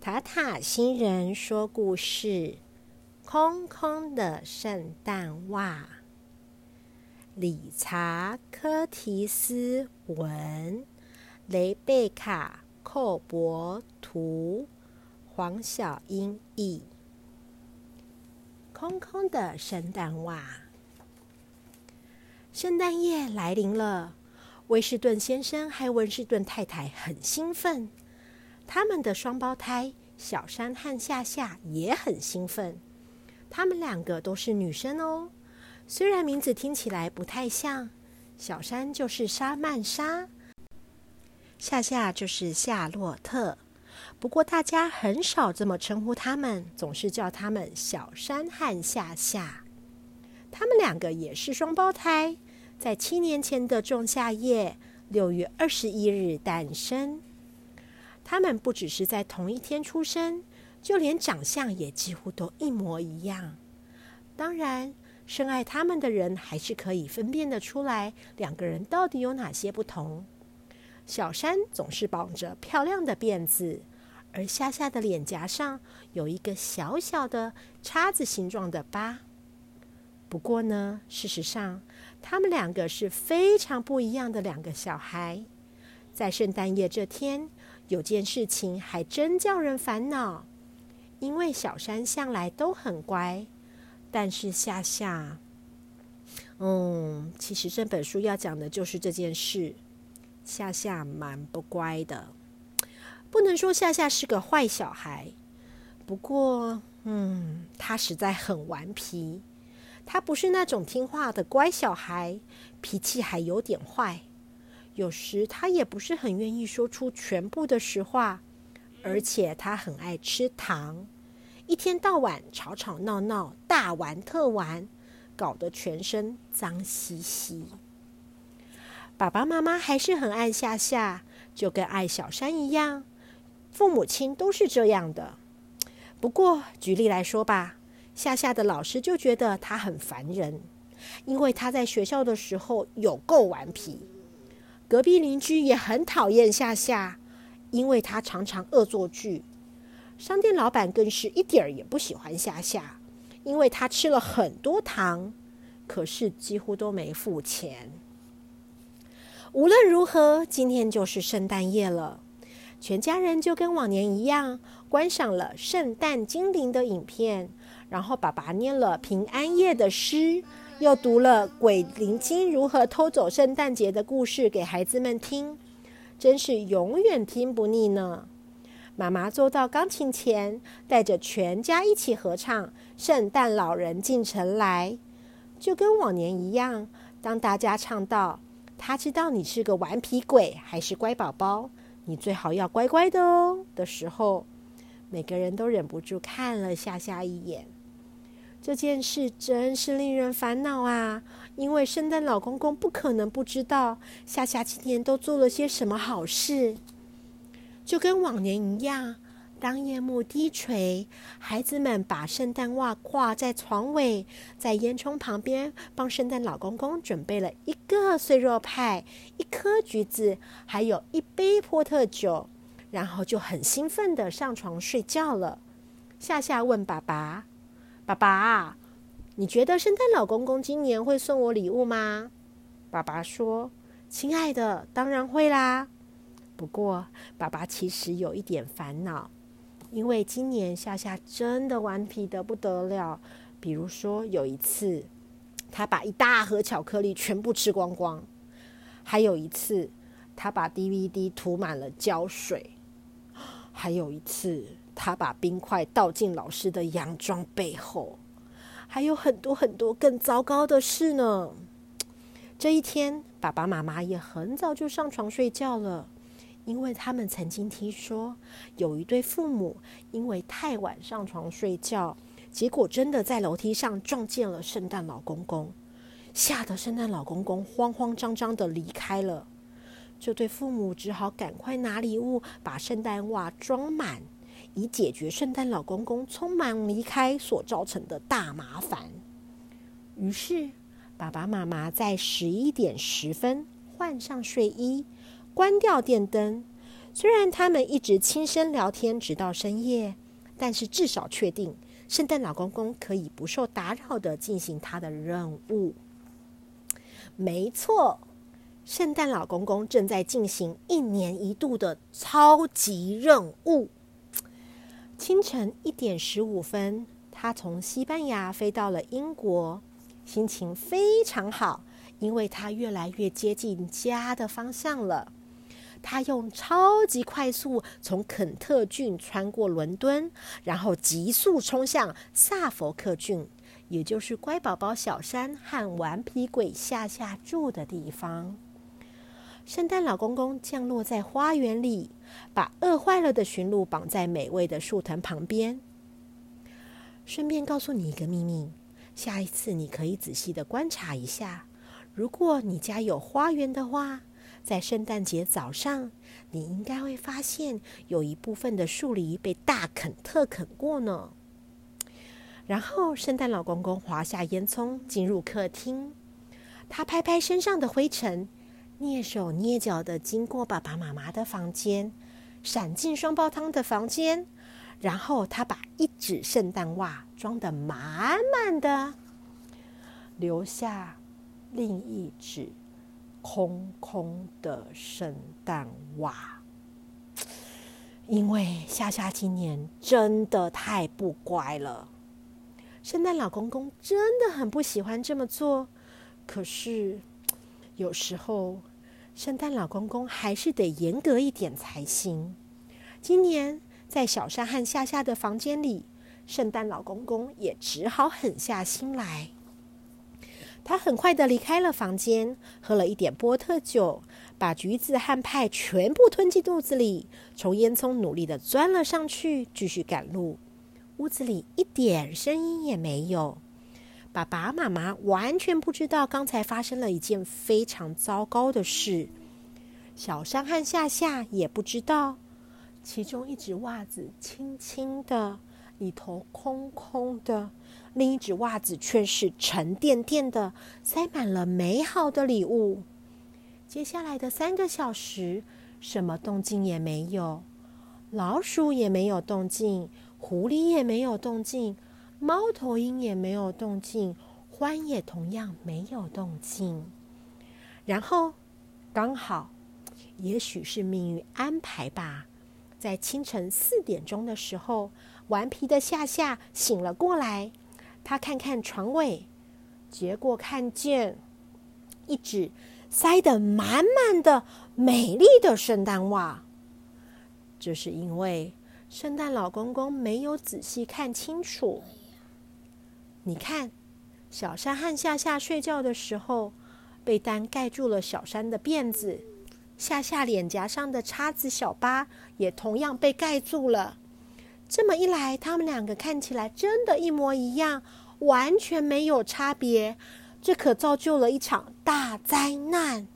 塔塔星人說故事，《空空的聖誕襪》。理察·柯提斯·文、雷貝卡·寇博圖、黃小英譯。空空的聖誕襪。聖誕夜來臨了，威士頓先生和威士頓太太很興奮。他們的雙胞胎小山和夏夏也很興奮。他們兩個都是女生哦，雖然名字聽起來不太像，小山就是莎曼莎，夏夏就是夏洛特。不過大家很少這麼稱呼他們，總是叫他們小山和夏夏。他們兩個也是雙胞胎，在七年前的仲夏夜，六月二十一日誕生。他們不只是在同一天出生，就連長相也幾乎都一模一樣。當然，深愛他們的人還是可以分辨得出來，兩個人到底有哪些不同。小山總是綁着漂亮的辮子，而夏夏的臉頰上有一個小小的叉子形狀的疤。不過呢，事實上，他們兩個是非常不一樣的兩個小孩。在聖誕夜這天。有件事情還真叫人煩惱，因為小山向來都很乖，但是夏夏，嗯，其實這本書要講的就是這件事。夏夏蠻不乖的，不能說夏夏是個壞小孩，不過，嗯，他實在很頑皮，他不是那種聽話的乖小孩，脾氣還有點壞。有時他也不是很願意說出全部的實話，而且他很愛吃糖，一天到晚吵吵鬧鬧，大玩特玩，搞得全身髒兮兮。爸爸媽媽還是很愛夏夏，就跟愛小山一樣。父母親都是這樣的。不過舉例來說吧，夏夏的老師就覺得他很煩人，因為他在學校的時候有夠頑皮。隔壁鄰居也很討厭夏夏，因為他常常惡作劇。商店老闆更是一點兒也不喜歡夏夏，因為他吃了很多糖，可是幾乎都沒付錢。無論如何，今天就是聖誕夜了，全家人就跟往年一樣觀賞了聖誕精靈的影片，然後爸爸念了平安夜的詩。又讀了《鬼靈精如何偷走聖誕節》的故事給孩子們聽，真是永遠聽不膩呢。媽媽坐到鋼琴前，帶着全家一起合唱《聖誕老人進城來》，就跟往年一樣。當大家唱到“他知道你是個頑皮鬼，還是乖寶寶，你最好要乖乖的哦”的時候，每個人都忍不住看了夏夏一眼。這件事真是令人煩惱啊！因為聖誕老公公不可能不知道夏夏今天都做了些什麼好事。就跟往年一樣，當夜幕低垂，孩子們把聖誕襪掛在床尾，在煙囪旁邊幫聖誕老公公準備了一個碎肉派、一顆橘子，還有一杯波特酒，然後就很興奮地上床睡覺了。夏夏問爸爸，爸爸，你覺得聖誕老公公今年會送我禮物嗎？爸爸說：“親愛的，當然會啦。不過，爸爸其實有一點煩惱，因為今年夏夏真的頑皮得不得了。比如說，有一次，他把一大盒巧克力全部吃光光；還有一次，他把 DVD 塗滿了膠水；還有一次……”他把冰塊倒進老師的洋裝背後，還有很多很多更糟糕的事呢。這一天，爸爸媽媽也很早就上床睡覺了，因為他們曾經聽說有一對父母因為太晚上床睡覺，結果真的在樓梯上撞見了聖誕老公公，嚇得聖誕老公公慌慌張張地離開了。這對父母只好趕快拿禮物把聖誕襪裝滿。以解決聖誕老公公匆忙離開所造成的大麻煩。於是，爸爸媽媽在十一點十分換上睡衣，關掉電燈。雖然他們一直輕聲聊天，直到深夜，但是至少確定聖誕老公公可以不受打擾地進行他的任務。沒錯，聖誕老公公正在進行一年一度的超級任務。清晨一點十五分，他從西班牙飛到了英國，心情非常好，因為他越來越接近家的方向了。他用超級快速從肯特郡穿過倫敦，然後急速衝向薩佛克郡，也就是乖寶寶小山和頑皮鬼夏夏住的地方。聖誕老公公降落在花園裡，把餓壞了的馴鹿綁在美味的樹藤旁邊。順便告訴你一個秘密：下一次你可以仔細地觀察一下，如果你家有花園的話，在聖誕節早上，你應該會發現有一部分的樹籬被大啃特啃過呢。然後，聖誕老公公滑下煙囪，進入客廳。他拍拍身上的灰塵。躡手躡腳的經過爸爸媽媽的房間，閃進雙胞胎的房間，然後他把一隻聖誕襪裝得滿滿的，留下另一隻空空的聖誕襪。因為夏夏今年真的太不乖了，聖誕老公公真的很不喜歡這麼做。可是有時候。聖誕老公公還是得嚴格一點才行。今年在小山和夏夏的房間裡，聖誕老公公也只好狠下心來。他很快的離開了房間，喝了一點波特酒，把橘子和派全部吞進肚子裡，從煙囪努力的鑽了上去，繼續趕路。屋子裡一點聲音也沒有。爸爸媽媽完全不知道剛才發生了一件非常糟糕的事。小山和夏夏也不知道。其中一只襪子輕輕的，裡頭空空的；另一只襪子卻是沉甸甸的，塞滿了美好的禮物。接下來的三個小時，什麼動靜也沒有，老鼠也沒有動靜，狐狸也沒有動靜。貓頭鷹也沒有動靜，獾也同樣沒有動靜。然後剛好，也許是命運安排吧，在清晨四點鐘的時候，頑皮的夏夏醒了過來。他看看床尾，結果看見一隻塞得滿滿的美麗的聖誕襪。這是因為聖誕老公公沒有仔細看清楚。你看，小山和夏夏睡覺的時候，被單蓋住了小山的辮子，夏夏臉頰上的叉子小疤也同樣被蓋住了。這麼一來，他們兩個看起來真的一模一樣，完全沒有差別。這可造就了一場大災難。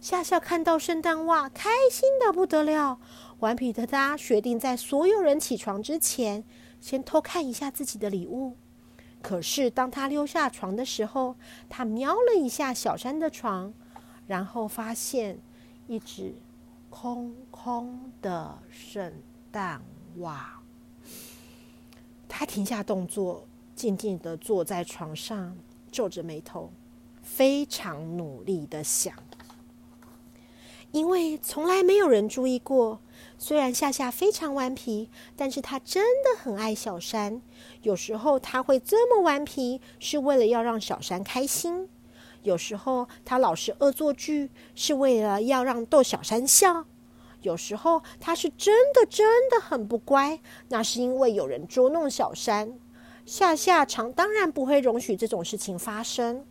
夏夏看到聖誕襪，開心得不得了。頑皮的他決定在所有人起床之前，先偷看一下自己的禮物。可是，當他溜下床的時候，他瞄了一下小山的床，然後發現一只空空的聖誕襪。他停下動作，靜靜的坐在床上，皺着眉頭，非常努力的想，因為從來沒有人注意過。雖然夏夏非常頑皮，但是他真的很愛小山。有時候他會這麼頑皮，是為了要讓小山開心；有時候他老是惡作劇，是為了要讓逗小山笑；有時候他是真的真的很不乖，那是因為有人捉弄小山。夏夏常當然不會容許這種事情發生。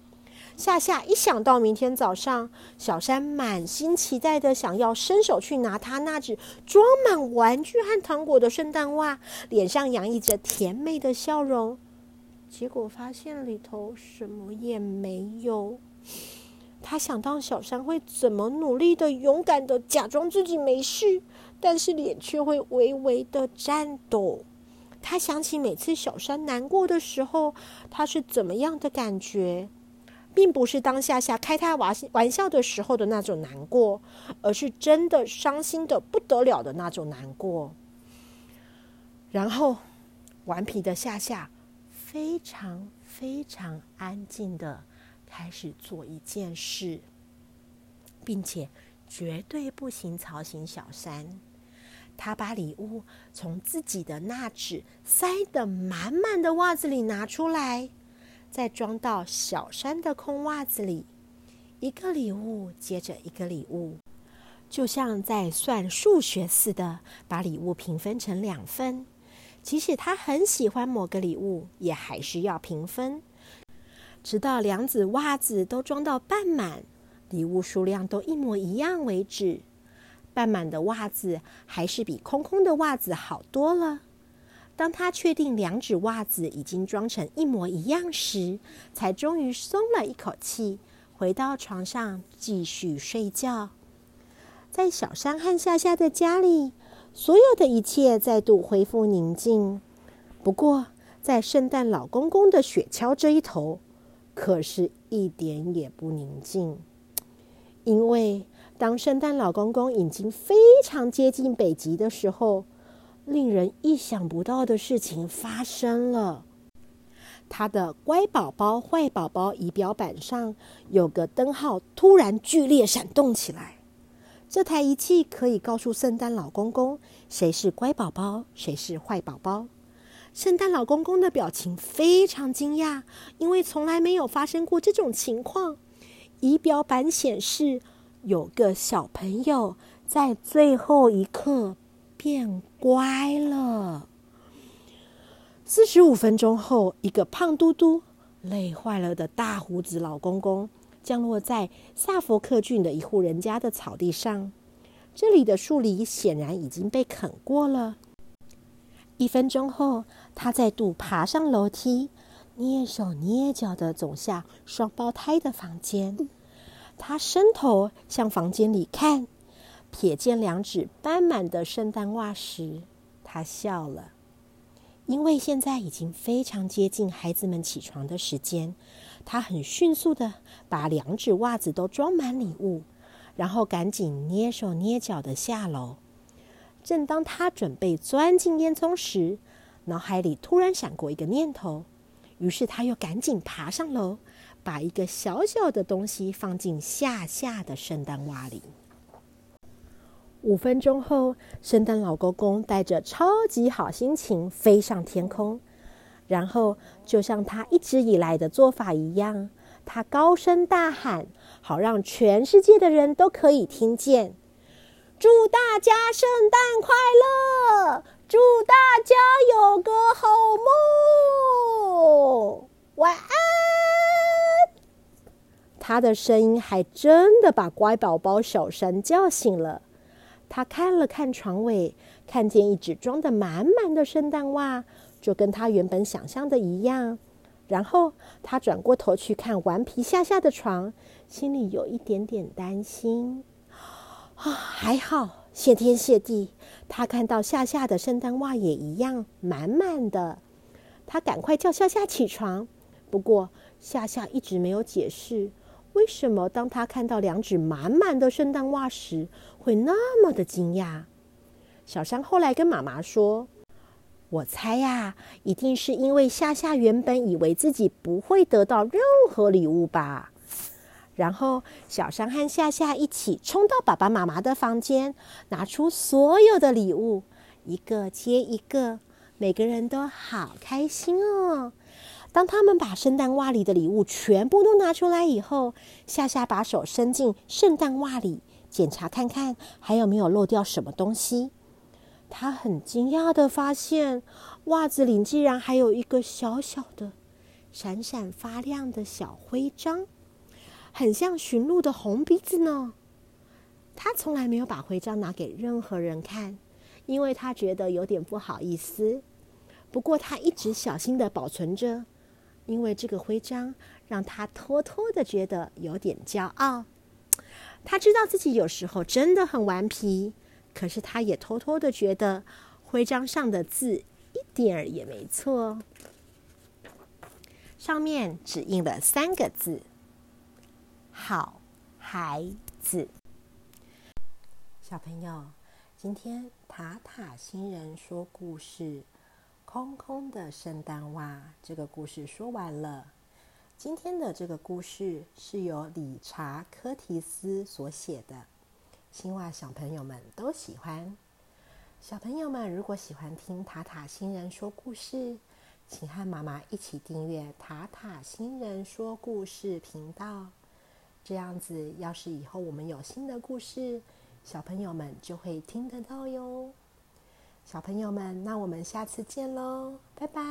夏夏一想到明天早上，小山滿心期待的想要伸手去拿他那隻裝滿玩具和糖果的聖誕襪，臉上洋溢着甜美的笑容，結果發現裡頭什麼也沒有。他想到小山會怎麼努力的、勇敢的假裝自己沒事，但是臉卻會微微的顫抖。他想起每次小山難過的時候，他是怎麼樣的感覺。並不是當夏夏開他玩玩笑的時候的那種難過，而是真的傷心的不得了的那種難過。然後，頑皮的夏夏非常非常安靜的開始做一件事，並且絕對不行吵醒小山。他把禮物從自己的那隻塞得滿滿的襪子裡拿出來。再裝到小山的空襪子裡，一個禮物接着一個禮物，就像在算數學似的，把禮物平分成兩份。即使他很喜歡某個禮物，也還是要平分，直到兩組襪子都裝到半滿，禮物數量都一模一樣為止。半滿的襪子還是比空空的襪子好多了。當他確定兩隻襪子已經裝成一模一樣時，才終於鬆了一口氣，回到床上繼續睡覺。在小山和夏夏的家裡，所有的一切再度恢復寧靜。不過，在聖誕老公公的雪橇這一頭，可是一點也不寧靜，因為當聖誕老公公已經非常接近北極的時候。令人意想不到的事情發生了，他的乖寶寶、壞寶寶儀表板上有個燈號突然劇烈閃動起來。這台儀器可以告訴聖誕老公公，誰是乖寶寶，誰是壞寶寶。聖誕老公公的表情非常驚訝，因為從來沒有發生過這種情況。儀表板顯示，有個小朋友在最後一刻。變乖了。四十五分鐘後，一個胖嘟嘟、累壞了的大鬍子老公公降落在薩福克郡的一戶人家的草地上。這裡的樹籬顯然已經被啃過了。一分鐘後，他再度爬上樓梯，躡手躡腳的走向雙胞胎的房間。他、嗯、伸頭向房間裡看。瞥見兩隻半滿的聖誕襪時，他笑了，因為現在已經非常接近孩子們起床的時間。他很迅速的把兩隻襪子都裝滿禮物，然後趕緊躡手躡腳的下樓。正當他準備鑽進煙囪時，腦海裡突然閃過一個念頭，於是他又趕緊爬上樓，把一個小小的東西放進下下的聖誕襪裡。五分鐘後，聖誕老公公帶着超級好心情飛上天空，然後就像他一直以來的做法一樣，他高聲大喊，好讓全世界的人都可以聽見：“祝大家聖誕快樂，祝大家有個好夢，晚安。”他的聲音還真的把乖寶寶小山叫醒了。他看了看床尾，看見一隻裝得滿滿的聖誕襪，就跟他原本想象的一樣。然後他轉過頭去看頑皮夏夏的床，心裡有一點點擔心。啊、哦，還好，謝天謝地，他看到夏夏的聖誕襪也一樣滿滿的。他趕快叫夏夏起床，不過夏夏一直沒有解釋。為什麼當他看到兩隻滿滿的聖誕襪時，會那麼的驚訝？小山後來跟媽媽說：“我猜呀、啊，一定是因為夏夏原本以為自己不會得到任何禮物吧。”然後小山和夏夏一起衝到爸爸媽媽的房間，拿出所有的禮物，一個接一個，每個人都好開心哦。當他們把聖誕襪裡的禮物全部都拿出來以後，夏夏把手伸進聖誕襪裡檢查看看，還有沒有漏掉什麼東西。他很驚訝地發現，襪子裡竟然還有一個小小的、閃閃發亮的小徽章，很像馴鹿的紅鼻子呢。他從來沒有把徽章拿給任何人看，因為他覺得有點不好意思。不過他一直小心地保存着。因為這個徽章讓他偷偷的覺得有點驕傲，他知道自己有時候真的很頑皮，可是他也偷偷的覺得徽章上的字一點兒也沒錯，上面只印了三個字：好孩子。小朋友，今天塔塔星人說故事。空空的聖誕襪，這個故事說完了。今天的這個故事是由理察·柯提斯所寫的，希望小朋友們都喜歡。小朋友們如果喜歡聽塔塔新人說故事，請和媽媽一起訂閱塔塔新人說故事頻道。這樣子，要是以後我們有新的故事，小朋友們就會聽得到喲。小朋友們，那我們下次見嘍，拜拜。